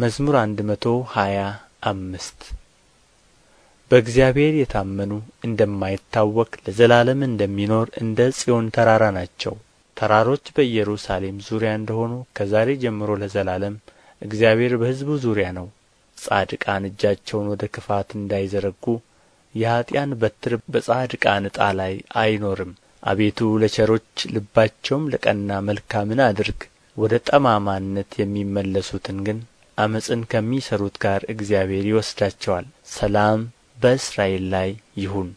መዝሙር አንድ መቶ ሀያ አምስት በእግዚአብሔር የታመኑ እንደማይታወክ ለዘላለም እንደሚኖር እንደ ጽዮን ተራራ ናቸው። ተራሮች በኢየሩሳሌም ዙሪያ እንደሆኑ ከዛሬ ጀምሮ ለዘላለም እግዚአብሔር በሕዝቡ ዙሪያ ነው። ጻድቃን እጃቸውን ወደ ክፋት እንዳይዘረጉ የኀጢአን በትር በጻድቃን ዕጣ ላይ አይኖርም። አቤቱ ለቸሮች ልባቸውም ለቀና መልካምን አድርግ፣ ወደ ጠማማነት የሚመለሱትን ግን ዓመፅን ከሚሠሩት ጋር እግዚአብሔር ይወስዳቸዋል ሰላም በእስራኤል ላይ ይሁን